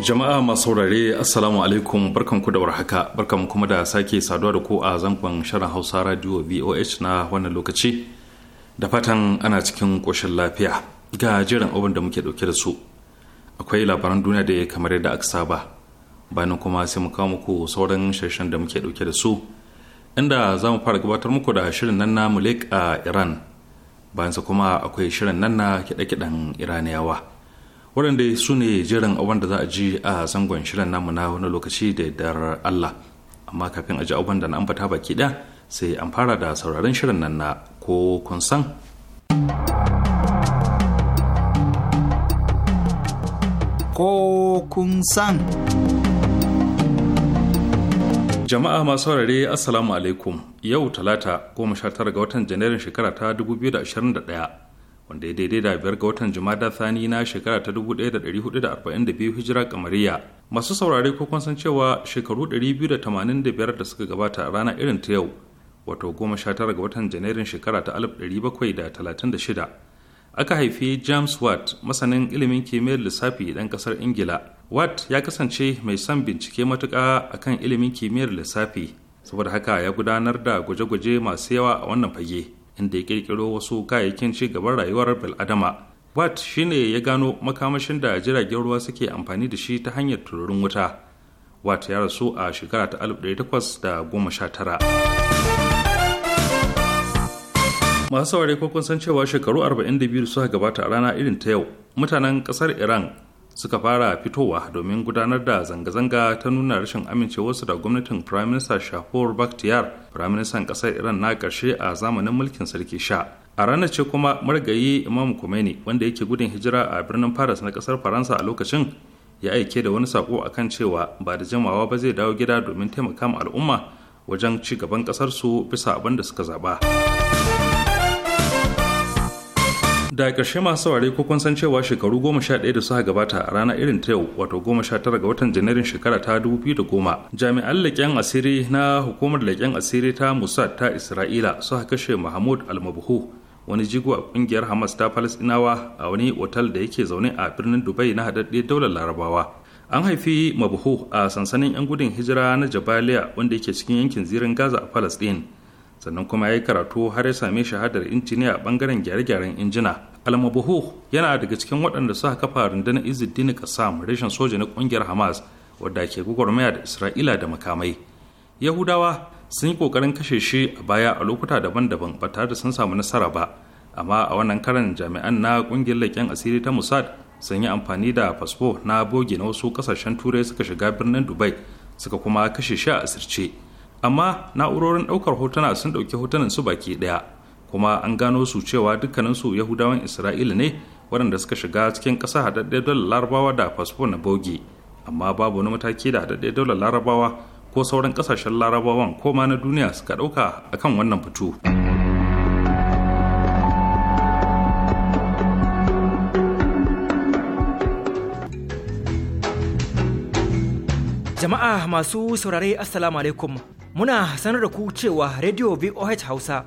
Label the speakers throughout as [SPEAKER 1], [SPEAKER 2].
[SPEAKER 1] Jama'a masu saurare Assalamu alaikum barkanku da warhaka barkanku kuma da sake saduwa da ku a zangon shirin Hausa Radio VOH na wannan lokaci da fatan ana cikin ƙoshin lafiya ga jiran abin da muke ɗauke da su akwai labaran duniya da kamar yadda aka saba bayan kuma sai mu kawo muku sauran shirshen da muke ɗauke da su inda za mu fara gabatar muku da shirin nan na Mulek a Iran bayan sa kuma akwai shirin nan na kiɗe-kiɗen Iraniyawa waɗanda su ne jiran abin da za a ji a zangon shirin namu na wani lokaci da dar Allah amma kafin a ji abin da na ambata baki ɗaya sai an fara da sauraron shirin nan na ko kun san
[SPEAKER 2] ko kun san
[SPEAKER 1] jama'a masu saurare assalamu alaikum yau talata 19 ga watan janairun shekara ta 2021 wanda ya daidai da biyar ga watan jumada Sani na shekara ta 1442 hijira kamariya masu saurare ko kun san cewa shekaru 285 da suka gabata a rana irin ta yau wato goma sha 19 ga watan janairun shekara ta alif da da talatin shida. aka haifi james watt masanin ilimin kimiyyar lissafi dan kasar ingila watt ya kasance mai son bincike matuƙa akan ilimin kimiyyar lissafi saboda haka ya gudanar da gwaje-gwaje masu yawa a wannan fage inda ya kirkiro wasu kayayyakin ci gaban rayuwar bil'adama watt shine ya gano makamashin da jiragen ruwa suke amfani da shi ta hanyar tururin wuta watt ya rasu a shekara ta 1819 masu saurari ko kun san cewa shekaru arba'in 42 suka gabata a rana irin ta yau mutanen ƙasar iran suka fara fitowa domin gudanar da zanga-zanga ta nuna rashin amincewarsu da gwamnatin firaminista shahor bakhtiyar firaministan kasar iran na karshe a zamanin mulkin sarki sha a ranar ce kuma margayi imam kumeni wanda yake gudun hijira a birnin paris na kasar faransa a lokacin ya aike da wani sako akan cewa ba da jimawa ba zai dawo gida domin taimaka al'umma wajen ci gaban ƙasarsu bisa abin da suka zaba. da ƙarshe masu saurare ko kun san cewa shekaru goma sha ɗaya da suka gabata a ranar irin ta yau wato goma sha tara ga watan janairun shekara ta dubu biyu da goma jami'an leƙen asiri na hukumar leƙen asiri ta musad ta isra'ila suka kashe mahmud almabuhu wani jigo a ƙungiyar hamas ta palestinawa a wani otal da yake zaune a birnin dubai na haɗaɗɗiyar daular larabawa an haifi mabuhu a sansanin 'yan gudun hijira na jabaliya wanda yake cikin yankin zirin gaza a palestine sannan kuma ya yi karatu har ya same shahadar injiniya a bangaren gyare-gyaren injina almabuhu yana daga cikin waɗanda suka kafa rundunar izuddin kasam rashin soja na ƙungiyar hamas wadda ke gwagwarmaya da isra'ila da makamai yahudawa sun yi ƙoƙarin kashe shi a baya a lokuta daban-daban ba tare da sun samu nasara ba amma a wannan karan jami'an na ƙungiyar leƙen asiri ta mossad sun yi amfani da fasfo na bogi na wasu ƙasashen turai suka shiga birnin dubai suka kuma kashe shi a asirce amma na'urorin ɗaukar hotuna sun ɗauki hotunan su baki ɗaya kuma an gano su cewa dukkaninsu yahudawan isra'ila ne waɗanda suka shiga cikin ƙasa haɗaɗɗiyar dalar larabawa da fasfo na bogi amma babu wani mataki da haɗaɗɗiyar dalar larabawa ko sauran ƙasashen larabawan ko ma na duniya suka ɗauka akan wannan fito.
[SPEAKER 3] Jama'a masu saurare Assalamu alaikum muna sanar da ku cewa Radio VOH Hausa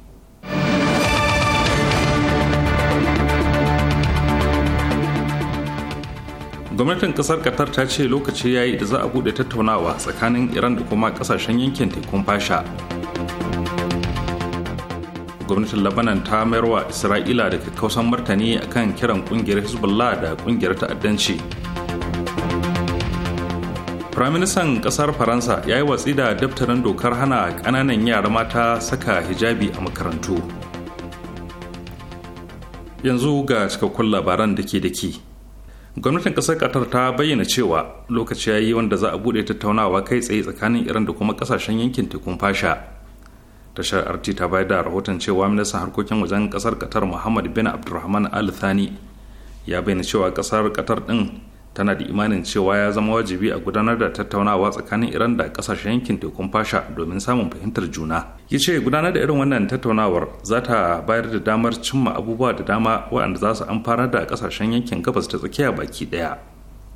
[SPEAKER 1] gwamnatin kasar qatar ta ce lokaci ya yi da za a bude tattaunawa tsakanin iran da kuma kasashen yankin tekun fasha gwamnatin labanan ta mayar wa isra'ila da kakkausan martani kan kiran kungiyar hezbollah da kungiyar ta'addanci firaministan kasar faransa ya yi watsi da daftarin dokar hana kananan yara mata saka hijabi a makarantu yanzu ga cikakkun labaran da ke da ke gwamnatin kasar qatar ta bayyana cewa lokaci ya yi wanda za a bude tattaunawa kai tsaye tsakanin iran da kuma kasashen yankin tekun fasha tashar rt ta bayar da rahoton cewa ministan harkokin wajen kasar katar muhammad bin abdulrahman al thani ya bayyana cewa kasar qatar din tana da imanin cewa ya zama wajibi a gudanar da tattaunawa tsakanin iran da kasashen yankin tekun fasha domin samun fahimtar juna ya ce gudanar da irin wannan tattaunawar za ta bayar da damar cimma abubuwa da dama waɗanda za su amfanar da kasashen yankin gabas ta tsakiya baki ɗaya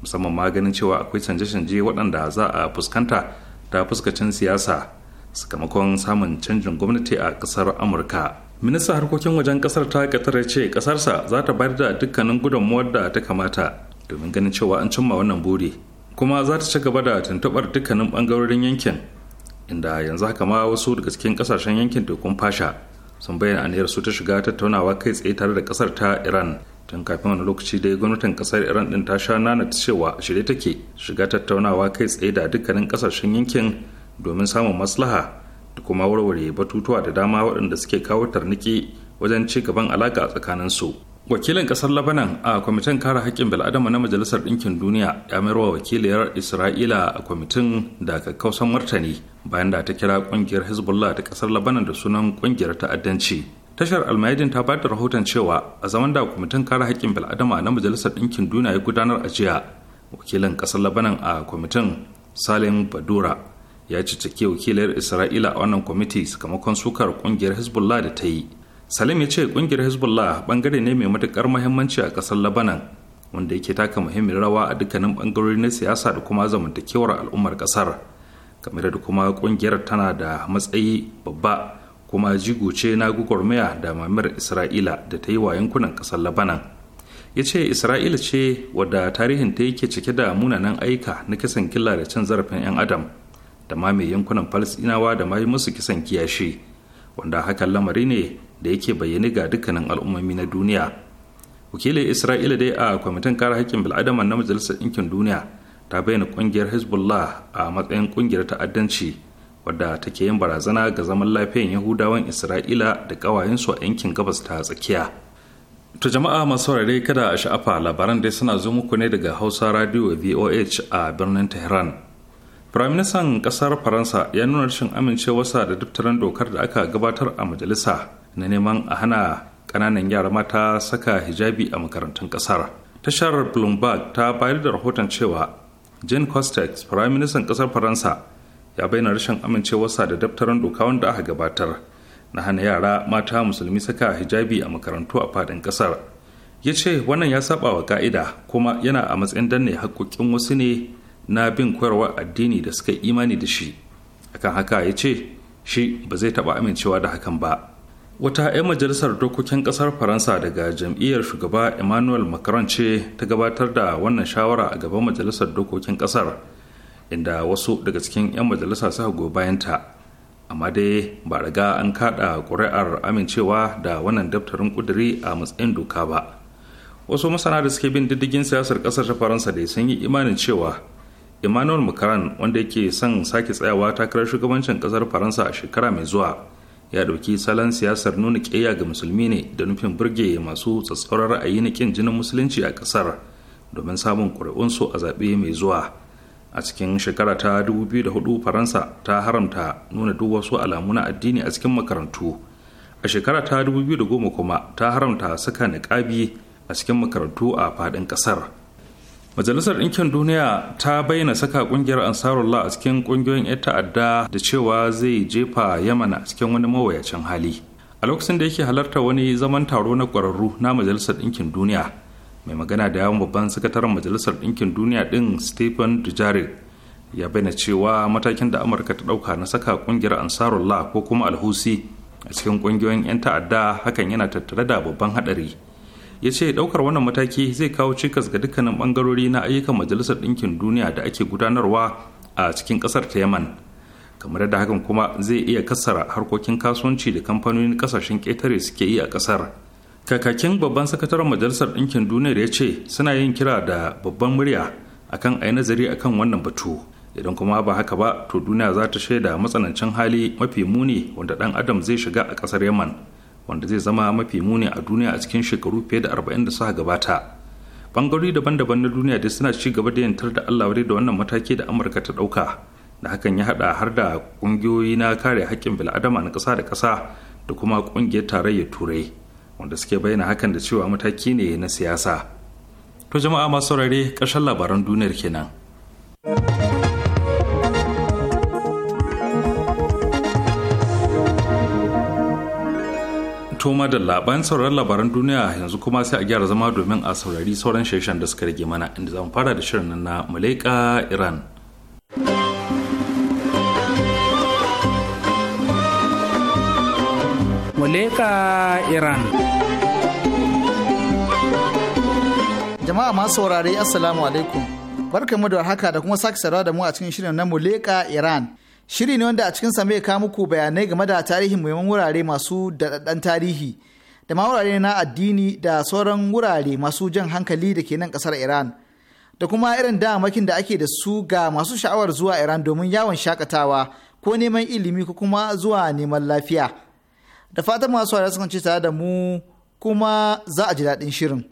[SPEAKER 1] musamman ma ganin cewa akwai canje-canje waɗanda za a fuskanta da fuskacin siyasa sakamakon samun canjin gwamnati a ƙasar amurka minista harkokin wajen kasar ta ya ce kasarsa za ta bayar da dukkanin gudunmuwar da ta kamata domin ganin cewa an cimma wannan buri kuma za ta ci gaba da tuntuɓar dukkanin ɓangarorin yankin inda yanzu haka ma wasu daga cikin kasashen yankin tekun fasha sun bayyana aniyar su ta shiga tattaunawa kai tsaye tare da kasar ta iran tun kafin wani lokaci dai gwamnatin kasar iran din ta sha nana cewa shirye take shiga tattaunawa kai tsaye da dukkanin kasashen yankin domin samun maslaha da kuma warware batutuwa da dama waɗanda suke kawo tarniki wajen ci gaban alaƙa tsakanin su wakilin kasar labanan a kwamitin kare haƙƙin bil'adama na majalisar ɗinkin duniya ya mayar wa wakiliyar isra'ila a kwamitin da kakkausan martani bayan da ta kira ƙungiyar hezbollah ta kasar labanan da sunan ƙungiyar ta'addanci tashar almayadin ta bada rahoton cewa a zaman da kwamitin kare haƙƙin bil'adama na majalisar ɗinkin duniya ya gudanar a jiya wakilin kasar labanan a kwamitin salim badura ya cicciki wakiliyar isra'ila a wannan kwamiti sakamakon sukar ƙungiyar hezbollah da ta yi salim ya ce kungiyar hezbollah bangare ne mai matukar muhimmanci a kasar labanan wanda yake taka muhimmin rawa a dukkanin bangarori na siyasa da kuma zamantakewar al'ummar kasar kamar da kuma kungiyar tana da matsayi babba kuma jigo ce na gugurmaya da mamir isra'ila da ta yi wa yankunan kasar labanan ya ce isra'ila ce wadda tarihin ta yake cike da munanan aika na kisan killa da cin zarafin 'yan adam da ma mai yankunan falasinawa da ma yi musu kisan kiyashi wanda hakan lamari ne da yake bayyane ga dukkanin al'ummomi na duniya wakilin isra'ila dai a kwamitin kare haƙƙin bil'adama na majalisar ɗinkin duniya ta bayyana ƙungiyar hezbollah a matsayin ƙungiyar ta'addanci wadda take yin barazana ga zaman lafiyan yahudawan isra'ila da ƙawayensu a yankin gabas ta tsakiya to jama'a masu saurare kada a sha'afa labaran dai suna zo muku ne daga hausa radio voh a birnin tehran firaministan ƙasar faransa ya nuna rashin amincewarsa da daftarin dokar da aka gabatar a majalisa na neman a hana kananan yara mata saka hijabi a makarantun kasar tashar bloomberg ta bayar da rahoton cewa jean costex firaministan ƙasar faransa ya bayyana rashin amincewarsa da daftarin doka wanda aka gabatar na hana yara mata musulmi saka hijabi a makarantu a fadin ƙasar ya ce wannan ya saba wa ka'ida kuma yana a matsayin danne haƙƙoƙin wasu ne na bin koyarwar addini da suka imani da shi akan haka ya ce shi ba zai taɓa amincewa da hakan ba wata 'yan majalisar dokokin ƙasar faransa daga jam'iyyar shugaba emmanuel macron ce ta gabatar da wannan shawara a gaban majalisar dokokin ƙasar inda wasu daga cikin 'yan majalisa suka goyi bayanta amma dai ba riga an kaɗa ƙuri'ar amincewa da wannan daftarin ƙuduri a matsayin doka ba wasu masana da suke bin diddigin siyasar ƙasar ta faransa da sun yi imanin cewa emmanuel macron wanda yake son sake tsayawa takarar shugabancin kasar faransa a shekara mai zuwa ya ɗauki salon siyasar nuna ƙeya ga musulmi ne da nufin burge masu tsatsauran ra'ayi na ƙin jinin musulunci a ƙasar domin samun ƙuri'unsu a zaɓe mai zuwa a cikin shekara ta 2004 faransa ta haramta nuna duk wasu alamu na addini a cikin makarantu a shekara ta 2010 kuma ta haramta saka niƙabi a cikin makarantu a faɗin ƙasar majalisar ɗinkin duniya ta bayyana saka ƙungiyar ansarullah a cikin ƙungiyoyin 'yan ta'adda da cewa zai jefa yaman a cikin wani mawayacin hali a lokacin da yake halarta wani zaman taro na ƙwararru na majalisar ɗinkin duniya mai magana da yawon babban sakataren majalisar ɗinkin duniya ɗin stephen dujarric ya bayyana cewa matakin da amurka ta ɗauka na saka ƙungiyar ansarullah ko kuma alhusi a cikin ƙungiyoyin 'yan ta'adda hakan yana tattare da babban haɗari ya ce daukar wannan mataki zai kawo cikas ga dukkanin bangarori na ayyukan majalisar ɗinkin duniya da ake gudanarwa a cikin ƙasar ta yaman kamar da hakan kuma zai iya kassara harkokin kasuwanci da kamfanonin kasashen ƙetare suke yi a ƙasar kakakin babban sakataren majalisar ɗinkin duniyar ya ce suna yin kira da babban murya akan a yi nazari akan wannan batu idan kuma ba haka ba to duniya za ta shaida matsanancin hali mafi muni wanda ɗan adam zai shiga a ƙasar yaman wanda zai zama mafi muni a duniya a cikin shekaru fiye da arba'in da suka gabata bangarori daban-daban na duniya dai suna ci gaba da yantar da allah da wannan mataki da amurka ta ɗauka da hakan ya haɗa har da ƙungiyoyi na kare haƙƙin bil'adama na ƙasa da ƙasa da kuma ƙungiyar tarayyar turai wanda suke bayyana hakan da cewa mataki ne na siyasa to jama'a masu saurare ƙarshen labaran duniyar kenan. To da labaran sauran labaran duniya yanzu kuma sai a gyara zama domin a saurari sauran shirin da suka rage mana inda zamu fara da shirin na Malaika Iran. Malaika Iran.
[SPEAKER 2] Jama'a masu saurare Assalamu alaikum. Barkamu da haka da kuma sake sarawa da mu a cikin shirin na Muleka Iran. Shiri ne wanda a cikin mai ka muku bayanai game da tarihin muhimman wurare masu daɗaɗɗen tarihi da ma wurare na addini da sauran wurare masu jan hankali da ke nan ƙasar Iran. Da kuma irin damakin da ake da su ga masu sha'awar zuwa Iran domin yawon shakatawa ko neman ilimi ko kuma zuwa neman lafiya. Da fatan masu wa tare da mu kuma za a ji daɗin shirin.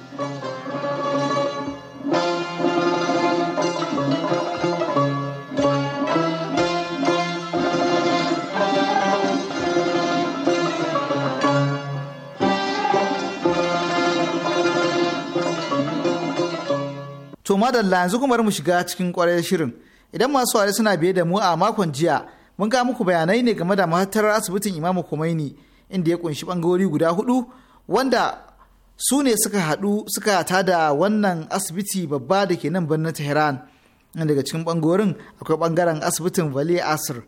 [SPEAKER 2] To madalla yanzu kuma mu shiga cikin kwarar shirin. Idan masu ware suna biye da mu a makon jiya, mun ga muku bayanai ne game da matarar asibitin Imamu Khomeini inda ya kunshi bangarori guda hudu wanda su ne suka haɗu suka tada wannan asibiti babba da ke nan birnin Tehran. Daga cikin bangorin akwai bangaren asibitin Vale Asir.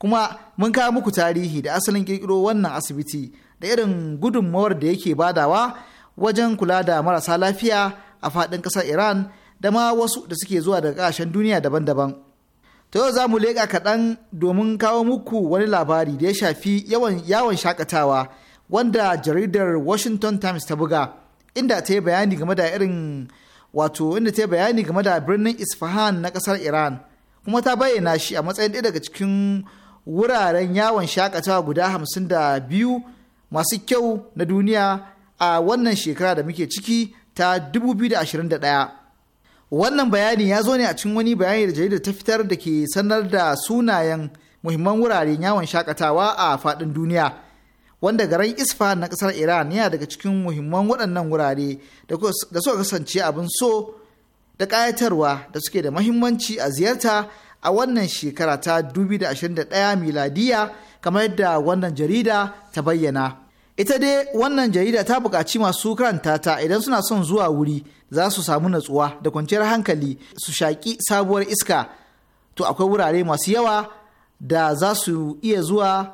[SPEAKER 2] Kuma mun kawo muku tarihi da asalin kirkiro wannan asibiti da irin gudunmawar da yake badawa wajen kula da marasa lafiya a faɗin ƙasar Iran da ma wasu da suke zuwa daga ƙasashen duniya daban-daban. Ta yau za mu leƙa kaɗan domin kawo muku wani labari da ya shafi yawan yawon shakatawa wanda jaridar Washington Times ta buga inda ta yi bayani game da irin wato inda ta yi bayani game da birnin Isfahan na ƙasar Iran kuma ta bayyana shi a matsayin ɗaya daga cikin wuraren yawon shakatawa guda hamsin da biyu masu kyau na duniya a wannan shekara da muke ciki ta 2021. wannan bayani ya zo ne a cikin wani bayani da jaridar ta fitar da ke sanar da sunayen muhimman wuraren yawon shakatawa a faɗin duniya wanda garin isfa na kasar iran yana daga cikin muhimman waɗannan wurare da suka kasance abin so da ƙayatarwa da suke da muhimmanci a ziyarta a wannan shekara ta 2021 miladiya kamar yadda wannan jarida ta bayyana. ita dai wannan jarida ta buƙaci masu karanta ta idan suna son zuwa wuri za su samu natsuwa da kwanciyar hankali su shaƙi sabuwar iska to akwai wurare masu yawa da za su iya zuwa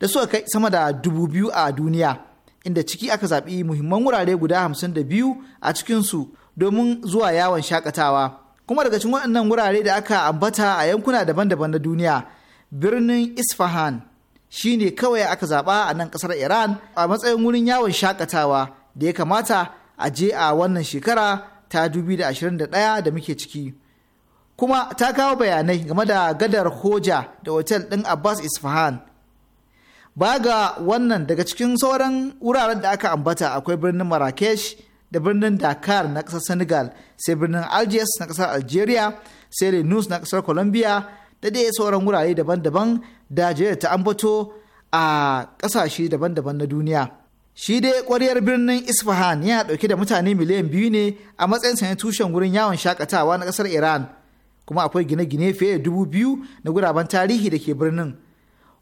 [SPEAKER 2] da suka kai sama da dubu biyu a duniya inda ciki aka zaɓi muhimman wurare guda hamsin da biyu a cikinsu domin zuwa yawon shakatawa kuma daga cikin waɗannan wurare da aka ambata a yankuna daban-daban na duniya birnin isfahan shi ne kawai aka zaɓa a nan ƙasar Iran a matsayin wurin yawon shakatawa da ya kamata a je a wannan shekara ta 2021 da da muke ciki. Kuma ta kawo bayanai game da gadar Hoja da otel ɗin Abbas Isfahan. Ba ga wannan daga cikin sauran wuraren da aka ambata akwai birnin Marrakesh da birnin Dakar na ƙasar Senegal, sai birnin Algiers na ƙasar Algeria, sai Renus na ƙasar Colombia, da dai sauran wurare daban-daban da jiyar ta ambato a ƙasashe daban-daban na duniya. Shi dai kwaryar birnin Isfahan yana ɗauke da mutane miliyan biyu ne a matsayin sanya tushen wurin yawon shakatawa na ƙasar Iran, kuma akwai gine-gine fiye da dubu biyu na guraben tarihi da ke birnin.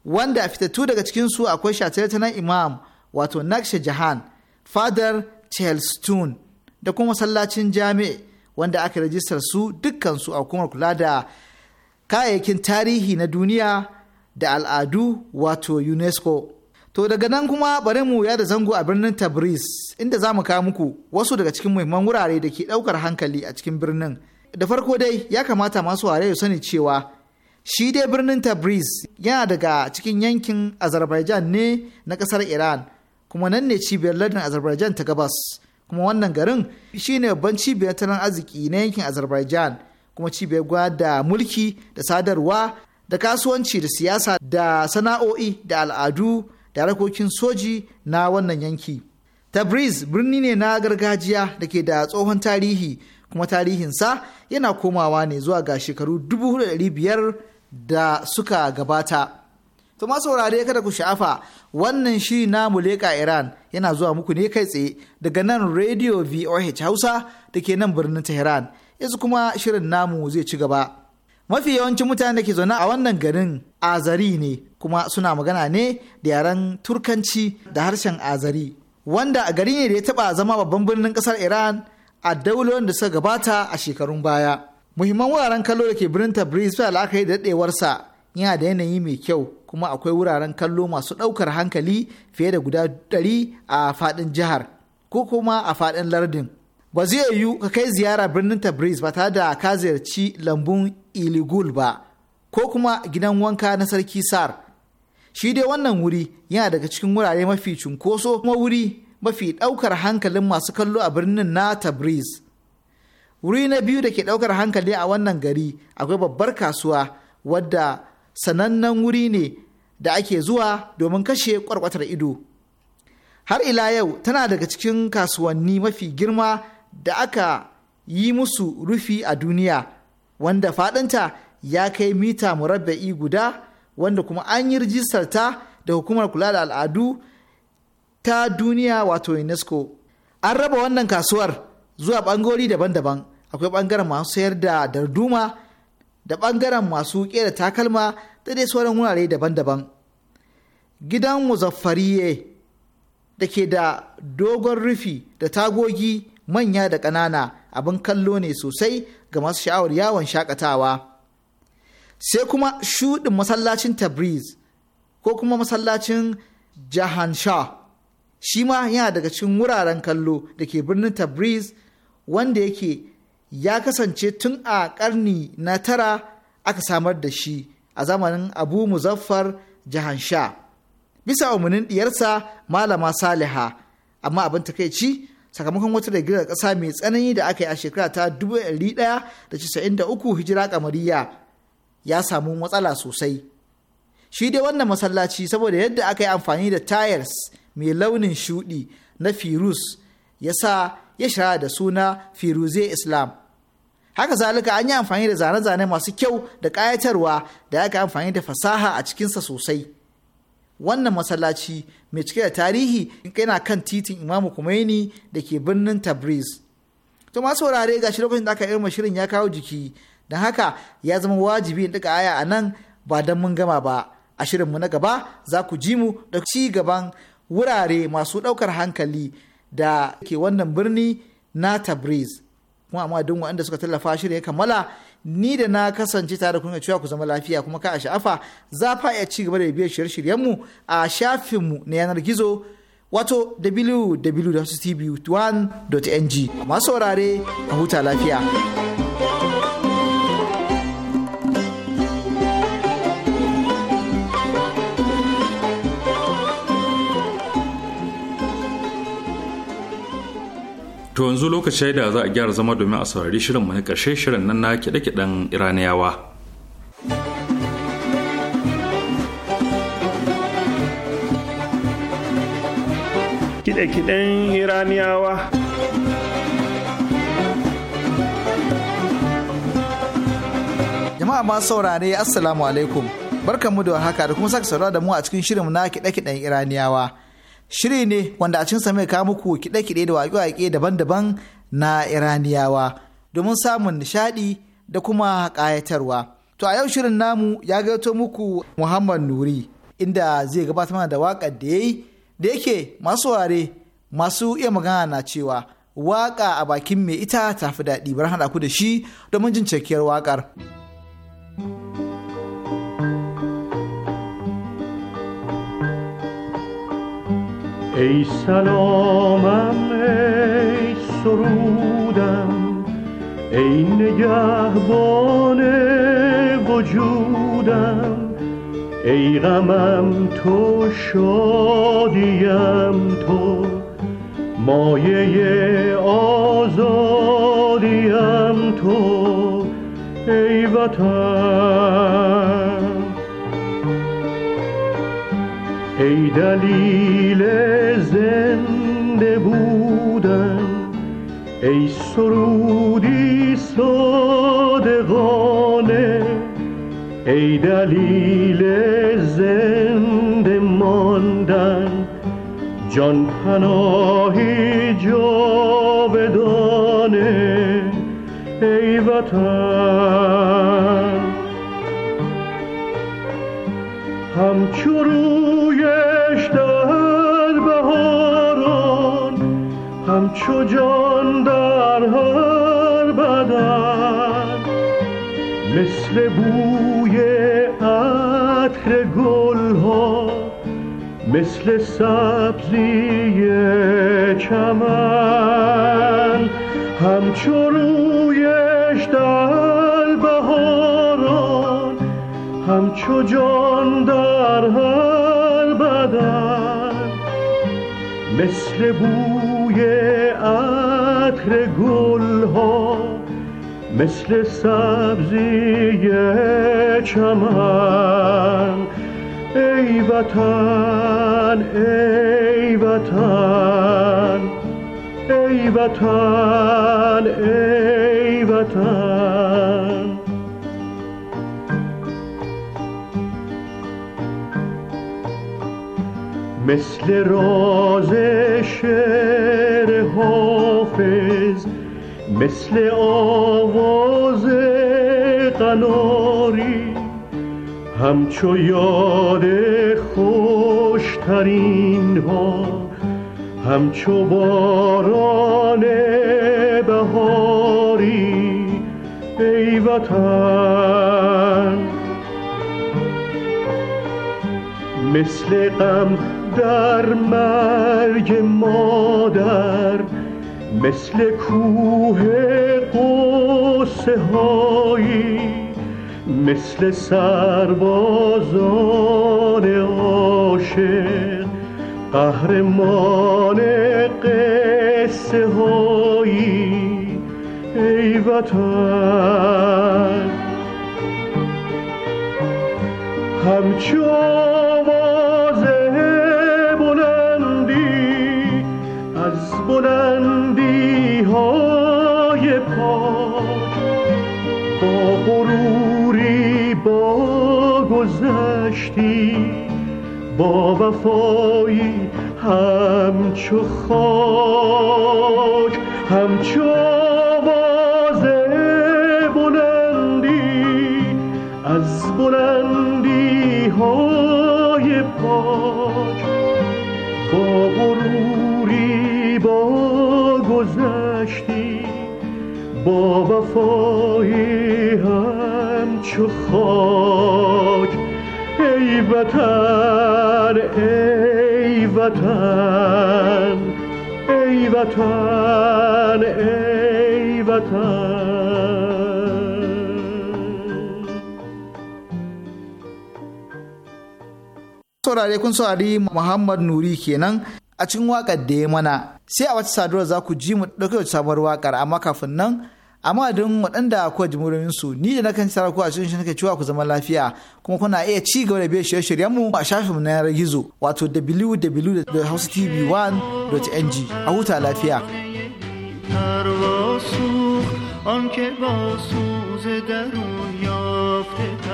[SPEAKER 2] Wanda a fitattu daga cikinsu akwai shataletaren Imam wato Naksha Jahan, Fadar Chelstone da kuma masallacin jami'i wanda aka rajistar su dukkansu a hukumar kula da kayayyakin tarihi na duniya da al'adu wato UNESCO. To daga nan kuma bari mu ya da zango a birnin Tabriz inda za mu kawo muku wasu daga cikin muhimman wurare da ke ɗaukar hankali a cikin birnin. Da farko dai ya kamata masu ware sani cewa shi dai birnin Tabriz yana daga cikin yankin Azerbaijan ne na ƙasar Iran kuma nan ne cibiyar lardin Azerbaijan ta gabas. Kuma wannan garin shine babban cibiyar tattalin arziki na yankin Azerbaijan. kuma cibiyar da mulki da sadarwa da kasuwanci da siyasa da sana'o'i da al'adu da harkokin soji na wannan yanki. Tabriz birni ne na gargajiya da ke da tsohon tarihi kuma tarihinsa yana komawa ne zuwa ga shekaru biyar da suka gabata. To ma saurare kada ku sha'afa wannan shiri na Muleka Iran yana zuwa muku ne kai tsaye daga nan Radio VOH Hausa da ke nan birnin Tehran. yanzu kuma shirin namu zai ci gaba. Mafi yawancin mutane da ke zaune a wannan garin Azari ne kuma suna magana ne da yaren Turkanci da harshen Azari. Wanda a gari ne da ya taɓa zama babban birnin ƙasar Iran a daulolin da suka gabata a shekarun baya. Muhimman wuraren kallo da ke birnin Tabriz fi la'akari da daɗewarsa yana da yanayi mai kyau kuma akwai wuraren kallo masu ɗaukar hankali fiye da guda ɗari a faɗin jihar ko kuma a faɗin lardin. ba zai yiwu ka kai ziyara birnin tabriz ba tare da ka ziyarci lambun iligul ba ko kuma gidan wanka na sarki sar shi dai wannan wuri yana daga cikin wurare mafi cunkoso kuma wuri mafi ɗaukar hankalin masu kallo a birnin na tabriz wuri na biyu da ke ɗaukar hankali a wannan gari akwai babbar kasuwa wadda sanannen wuri ne da ake zuwa domin kashe kwarkwatar ido har ila yau tana daga cikin kasuwanni mafi girma da aka yi musu rufi a duniya wanda faɗinta ya kai mita murabba'i guda wanda kuma an yi rijistar ta da hukumar kula da al'adu ta duniya wato unesco an raba wannan kasuwar zuwa ɓangori daban-daban akwai ɓangaren masu sayar da darduma da ɓangaren masu da takalma da dai sauran wurare daban-daban gidan muzaffariye da ke da dogon rufi da tagogi manya da ƙanana abin kallo ne sosai ga masu sha'awar yawon shakatawa sai kuma shuɗin masallacin tabriz ko kuma masallacin jahan Shah shi ma yana daga cikin wuraren kallo da ke birnin tabriz wanda yake ya kasance tun a ƙarni na tara aka samar da shi a zamanin abu muzaffar Shah. bisa umarnin diyarsa malama saliha amma abin takaici sakamakon wata dagirar ƙasa mai tsanani da aka yi a shekara ta 1993 hijira kamariya ya samu matsala sosai shi dai wannan masallaci saboda yadda aka yi amfani da tires mai launin shudi na firus ya sa ya shara da suna firuze islam haka zalika an yi amfani da zane-zane masu kyau da ƙayatarwa da aka amfani da fasaha a cikinsa sosai wannan masallaci mai cike da tarihi yana kan titin imamu kumaini da ke birnin tabriz to masu saurare ga shi lokacin da aka irma shirin ya kawo jiki don haka ya zama wajibi in ɗaga aya a nan ba don mun gama ba a shirin mu na gaba za ku ji mu da ci gaban wurare masu ɗaukar hankali da ke wannan birni na tabriz kuma amma duk waɗanda suka tallafa shirin ya kammala ni da na kasance tare da kun cewa ku zama lafiya kuma ka a sha'afa za fa iya ci gaba da biyar shirye-shiryenmu a shafinmu na yanar gizo wato www.tv1.ng masu saurare a huta lafiya.
[SPEAKER 1] to yanzu lokaci da za a gyara zama domin a saurari shirin mu na ƙarshe shirin nan na kiɗe-kiɗen iraniyawa kiɗe-kiɗen iraniyawa
[SPEAKER 2] jama'a masu saurare assalamu alaikum barkanmu da haka da kuma sake saurara da mu a cikin shirin na kiɗe-kiɗen iraniyawa shiri ne wanda a cin sa mai kawo muku kiɗe-kiɗe da waƙe-waƙe daban-daban na iraniyawa domin samun nishaɗi da kuma ƙayatarwa to a yau shirin namu ya gato muku muhammad nuri inda zai gabatar mana da waƙar da ya yi da yake masu ware masu iya magana na cewa waƙa a bakin mai ita ta fi daɗi bar haɗa ku da shi domin jin cikakkiyar waƙar.
[SPEAKER 4] ای سلامم ای سرودم ای نگهبان وجودم ای غمم تو شادیم تو مایه آزادیم تو ای وطن ای دلیل زنده بودن ای سرودی صادقانه ای دلیل زنده ماندن جان پناهی جاودانه ای وطن همچو چو جان هر بدن مثل بوی عطر گل ها مثل سبزی چمن همچو رویش در بهاران همچو جان در هر بدن مثل بوی بوی عطر گل ها مثل سبزی چمن ای وطن ای وطن ای وطن ای وطن مثل راز مثل آواز قناری همچو یاد خوشترین ها همچو باران بهاری ای وطن مثل غم در مرگ مادر مثل کوه قصه هایی مثل سربازان عاشق قهرمان قصه هایی ای وطن همچو آواز بلندی از بلند غروری با گذشتی با وفایی همچو خاک همچو آواز بلندی از بلندی های پاک با غروری با گذشتی با وفایی همچو خاک ای وطن ای وطن ای وطن ای وطن
[SPEAKER 2] saurare kun saurari Muhammad Nuri kenan a cikin waƙar da ya mana sai a wata saduwar za ku ji mu ɗauke da sabuwar waƙar amma kafin nan amma don waɗanda kuwa jimurin su ni da nakan tsara ku a cikin shi nake cewa ku zama lafiya kuma kuna iya ci gaba da biyan shirye-shiryen mu a shafin mu na yanar gizo wato www.housetv1.ng a huta lafiya
[SPEAKER 4] آن که با سوز درون یافته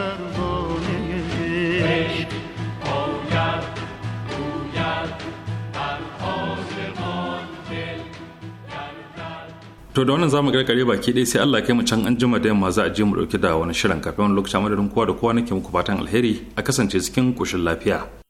[SPEAKER 1] to da wannan zamu karkare baki dai sai Allah kai mu can an jima da yamma za a je mu dauki da wani shirin kafin wani lokacin madadin kowa da kowa nake muku fatan alheri a kasance cikin koshin lafiya